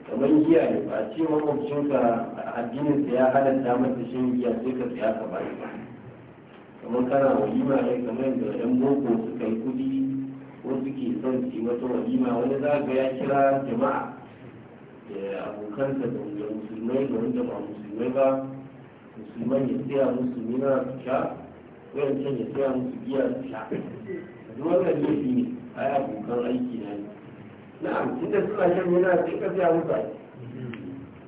kamar giya ne ba a ce a addininsa ya halatta masa shan giya sai ka tsaya ka ba ba kamar kana walima ne kamar yadda ɗan boko suka yi kudi ko suke son su yi wata walima wani za ka ya kira jama'a da abokanta da musulmai da wanda ba musulmai ba musulman ya tsaya musu nuna su sha wayancan ya tsaya musu giya su sha duk wannan laifi ne a yi abokan aiki na ne na'am tunda suna shan nuna sai ka tsaya musu yi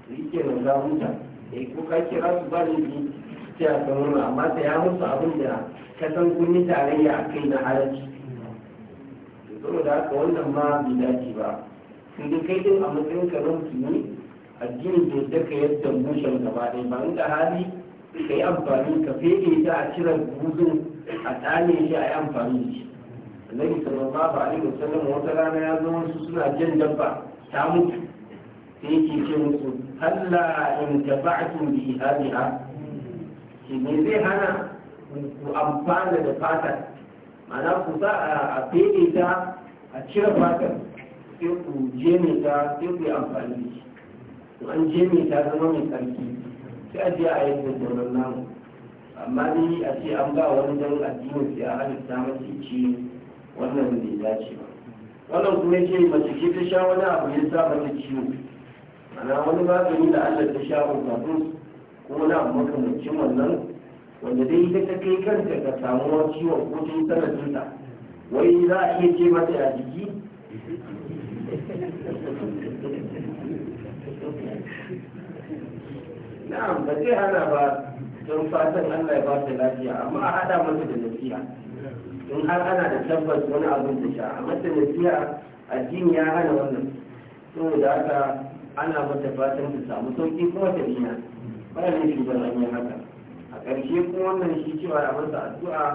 su yi ke nan huta eh ko ka kira su ba laifi tsaya ka nuna amma ta ya musu abin da ka san kun yi tarayya a kai na halarci saboda haka wannan ma bai dace ba inda kai din a matsayin ka nan ne addinin bai daka yadda mushen gaba ɗaya ba da hali ka yi amfani ka fede ta a cire buzun a tsane shi a yi amfani da shi annabi sallallahu alaihi wasallam wata rana ya zo wasu suna jan dabba ta mutu sai yake ce musu halla in tafa'tu bi hadiha shi ne zai hana ku amfana da fatar ma'ana ku sa a fede ta a cire fatar sai ku jeme ta sai ku yi amfani da shi to an jeme ta zama mai tsarki sai a je a yi da sauran namu amma ni a ce an ba wani dan addinin sai a halitta mace ce wannan bai dace ba wannan kuma ce mace ce ta sha wani abu ya sa mata ciwo ana wani magani da allah ta sha wani ko wani abu makamancin wannan wanda dai ita ta kai kanta ka samu ciwon ko ta yi sanadinta wai za a iya ce mata a jiki na'am ba zai hana ba don fatan Allah ya ba ta lafiya amma a hada masa da nasiya. don har ana da tabbas wani abin da sha a mata a addini ya hana wannan saboda haka ana mata fatan ta samu sauki kuma ta dina ba ne a da haka a ƙarshe kuma wannan shi cewa a masa addu'a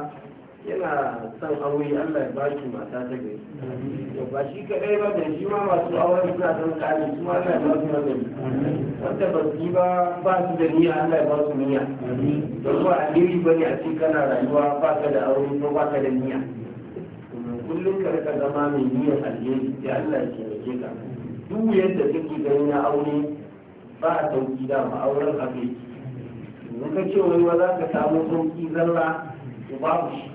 yana son aure Allah ya ba shi mata ta gari to ba shi kadai ba da shi ma masu auren suna son kare su ma Allah ya ba su magani wanda ba su ba ba su da niyya Allah ya ba su niyya don ba alheri ba ne a cikin kana rayuwa ba ka da aure ko ba ka da niyya kullum ka rika zama mai niyyar alheri ya Allah ya taimake ka duk yadda kake gani na aure ba a sauki da ma auren abin in ka ce wani ba za ka samu sauki zalla to babu shi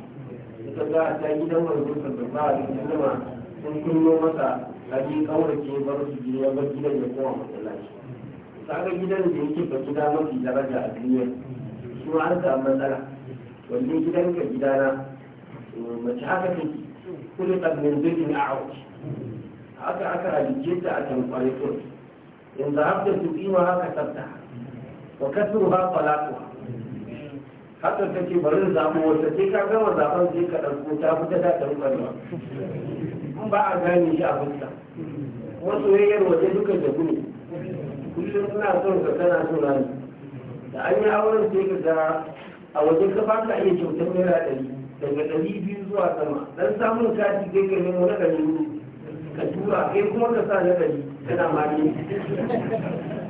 ta ta gidan manzo ba alaihi wasallam sun kullo masa kaji kaurace bar su gidan ba gidan ya koma masallaci kaga gidan da yake ba gida mafi daraja a duniya shi ma an matsala wanda gidan ka gida gidana mace haka take kullu qad min dhikri a'ud haka aka halice ta a kan kwareto yanzu haka su kima haka tsafta wa ba talaquha haka kake bari zaɓo wata ce ka gama zaɓen sai ka ɗauko ta fita da ɗan ƙwarewa in ba a gane shi a fuska Kuma soyayyar waje duka da ne kullum suna son ka tana so rani da an yi auren sai ka ga a waje ka ba ka iya kyautar naira ɗari daga ɗari biyu zuwa sama dan samun kati kai ka nemo na ɗari ka tura kai kuma ka sa na ɗari kana mali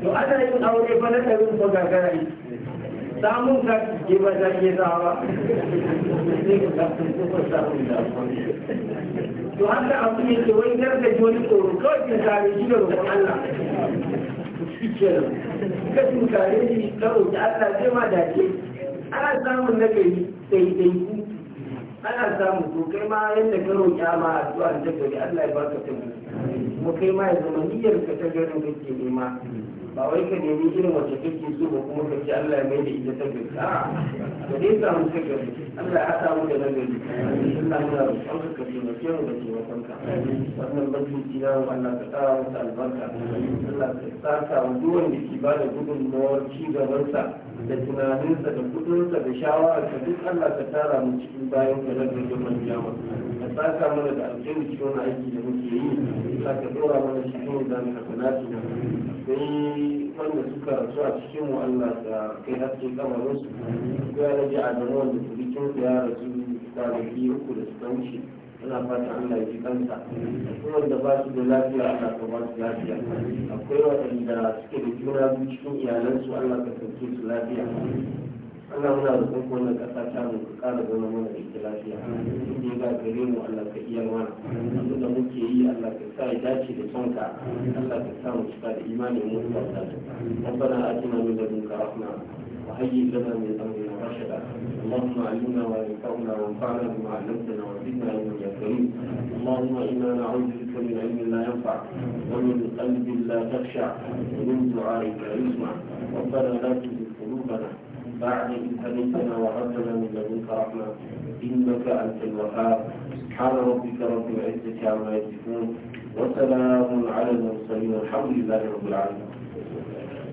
to ana yin aure fa na ɗari ba gagara samun ka ke ba za ke zawa to haka abu ne ke wani garga ji wani tsoro kawai ke tare shi da roƙon Allah ka tunkare shi ka roƙi Allah zai ma dace ana samun na gari ku ana samun to kai ma yadda ka roƙi a zuwa da gari Allah ya baka tabbata kuma kai ma ya zama niyyar ka ta garin kake nema ba wai ka nemi irin wacce kake so ba kuma ka ce Allah ya mai da ita ta gari a ka ta mu ta gari Allah ya samu da na gari Allah ya roƙon ka ka taimake mu da taimakon ka wannan jira na Allah ka tsara masa albarka Allah ka tsaka wa duwan da ke ba da gudunmawar ci gabansa da tunaninsa da kudinsa da ka duk Allah ka tara mu cikin bayan ka zaka da manjawa ka saka mana da alheri cikin aiki da muke yi ka dora mana cikin da muka kula da sai wanda suka rasu a cikin mu Allah ta kai haske kamarin su ya rage adamu wanda turikin su ya rasu kwanaki uku da suka wuce ana fata an ya ji akwai wanda ba su da lafiya Allah ka ba su lafiya akwai waɗanda suke da juna biyu cikin iyalansu Allah ka sauke su lafiya Allah muna da kun wannan ƙasa ta mu ka ƙara zama mana da ita lafiya inda ga gare mu Allah ka iya mana abin da muke yi Allah ka sa ya dace da son ka Allah ka sa mu cika da imani mu da ta rabbana atina min ladunka rahma wa hayyi lana min amrina rashada اللهم علمنا وانفعنا وانفعنا بما علمتنا وزدنا علما يا كريم اللهم انا نعوذ بك من علم لا ينفع ومن قلب لا تخشع ومن دعاء لا يسمع ربنا لا تزغ قلوبنا بعد إن هديتنا وهبنا من لدنك رحمة إنك أنت الوهاب سبحان ربك رب العزة عما يصفون وسلام على المرسلين والحمد لله رب العالمين